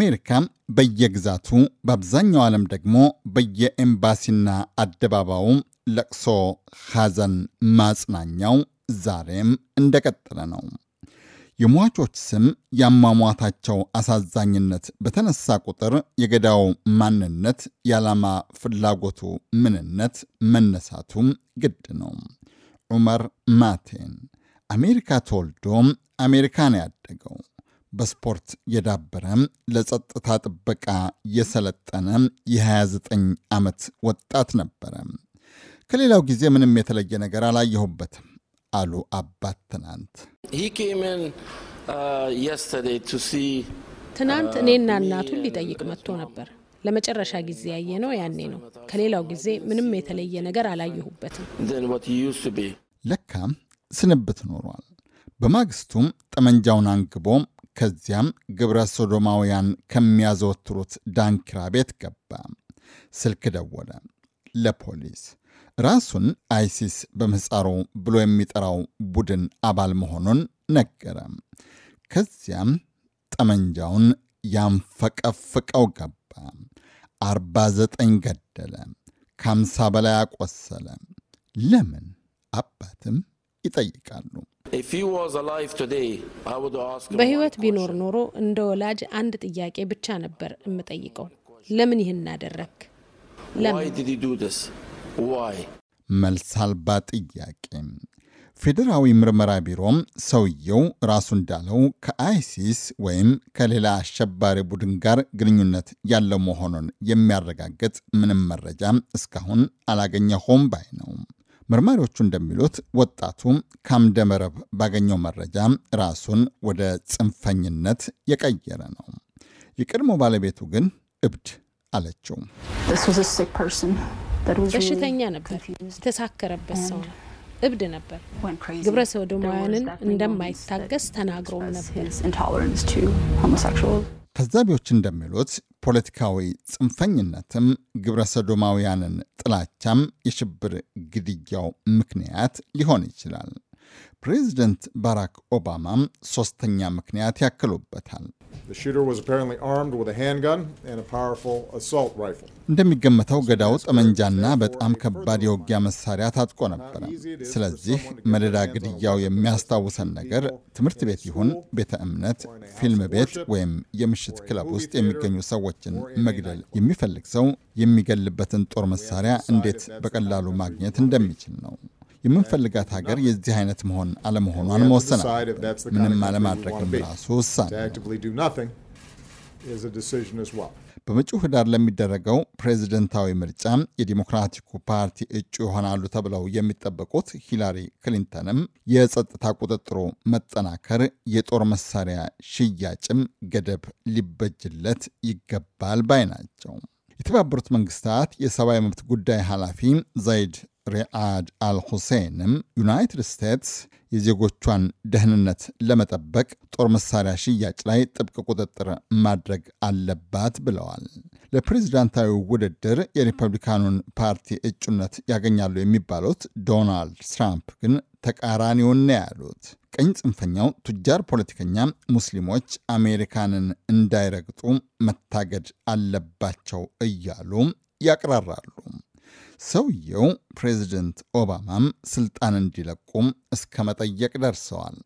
በአሜሪካም በየግዛቱ በአብዛኛው ዓለም ደግሞ በየኤምባሲና አደባባዩ ለቅሶ፣ ሐዘን ማጽናኛው ዛሬም እንደቀጠለ ነው። የሟቾች ስም የአሟሟታቸው አሳዛኝነት በተነሳ ቁጥር የገዳው ማንነት፣ የዓላማ ፍላጎቱ ምንነት መነሳቱም ግድ ነው። ዑመር ማቴን አሜሪካ ተወልዶ አሜሪካን ያደገው በስፖርት የዳበረ ለጸጥታ ጥበቃ የሰለጠነ የ29 ዓመት ወጣት ነበረ። ከሌላው ጊዜ ምንም የተለየ ነገር አላየሁበትም አሉ አባት ትናንት uh, ትናንት uh, እኔና እናቱን ሊጠይቅ መጥቶ ነበር። ለመጨረሻ ጊዜ ያየ ነው ያኔ ነው። ከሌላው ጊዜ ምንም የተለየ ነገር አላየሁበትም። ለካም ስንብት ኖሯል። በማግስቱም ጠመንጃውን አንግቦ ከዚያም ግብረ ሶዶማውያን ከሚያዘወትሩት ዳንኪራ ቤት ገባ። ስልክ ደወለ ለፖሊስ። ራሱን አይሲስ በምህፃሩ ብሎ የሚጠራው ቡድን አባል መሆኑን ነገረ። ከዚያም ጠመንጃውን ያንፈቀፍቀው ገባ። 49 ገደለ፣ ከ50 በላይ አቆሰለ። ለምን አባትም ይጠይቃሉ። በህይወት ቢኖር ኖሮ እንደ ወላጅ አንድ ጥያቄ ብቻ ነበር የምጠይቀው፣ ለምን ይህን አደረግ? መልስ አልባ ጥያቄ። ፌዴራዊ ምርመራ ቢሮም ሰውየው ራሱ እንዳለው ከአይሲስ ወይም ከሌላ አሸባሪ ቡድን ጋር ግንኙነት ያለው መሆኑን የሚያረጋግጥ ምንም መረጃ እስካሁን አላገኘሁም ባይ ነው። መርማሪዎቹ እንደሚሉት ወጣቱ ካምደመረብ ባገኘው መረጃ ራሱን ወደ ጽንፈኝነት የቀየረ ነው። የቀድሞ ባለቤቱ ግን እብድ አለችው። በሽተኛ ነበር፣ የተሳከረበት ሰው እብድ ነበር። ግብረ ሰዶማውያንን እንደማይታገስ ተናግሮም ነበር። ታዛቢዎች እንደሚሉት ፖለቲካዊ ጽንፈኝነትም ግብረ ሰዶማውያንን ጥላቻም የሽብር ግድያው ምክንያት ሊሆን ይችላል። ፕሬዚደንት ባራክ ኦባማም ሶስተኛ ምክንያት ያክሉበታል። The shooter was apparently armed with a handgun and a powerful assault rifle. እንደሚገመተው ገዳው ጠመንጃና በጣም ከባድ የውጊያ መሳሪያ ታጥቆ ነበረ። ስለዚህ መደዳ ግድያው የሚያስታውሰን ነገር ትምህርት ቤት ይሁን ቤተ እምነት፣ ፊልም ቤት ወይም የምሽት ክለብ ውስጥ የሚገኙ ሰዎችን መግደል የሚፈልግ ሰው የሚገልበትን ጦር መሳሪያ እንዴት በቀላሉ ማግኘት እንደሚችል ነው። የምንፈልጋት ሀገር የዚህ አይነት መሆን አለመሆኗን መወሰናል። ምንም አለማድረግም ራሱ ውሳኔ በመጪው ህዳር ለሚደረገው ፕሬዝደንታዊ ምርጫ የዲሞክራቲኩ ፓርቲ እጩ ይሆናሉ ተብለው የሚጠበቁት ሂላሪ ክሊንተንም የጸጥታ ቁጥጥሩ መጠናከር፣ የጦር መሳሪያ ሽያጭም ገደብ ሊበጅለት ይገባል ባይ ናቸው። የተባበሩት መንግስታት የሰብአዊ መብት ጉዳይ ኃላፊ ዘይድ ሪያድ አልሁሴንም ዩናይትድ ስቴትስ የዜጎቿን ደህንነት ለመጠበቅ ጦር መሳሪያ ሽያጭ ላይ ጥብቅ ቁጥጥር ማድረግ አለባት ብለዋል። ለፕሬዚዳንታዊ ውድድር የሪፐብሊካኑን ፓርቲ እጩነት ያገኛሉ የሚባሉት ዶናልድ ትራምፕ ግን ተቃራኒውን ነው ያሉት። ቀኝ ጽንፈኛው ቱጃር ፖለቲከኛ ሙስሊሞች አሜሪካንን እንዳይረግጡ መታገድ አለባቸው እያሉ ያቅራራሉ። ሰውየው ፕሬዚደንት ኦባማም ስልጣን እንዲለቁም እስከ መጠየቅ ደርሰዋል።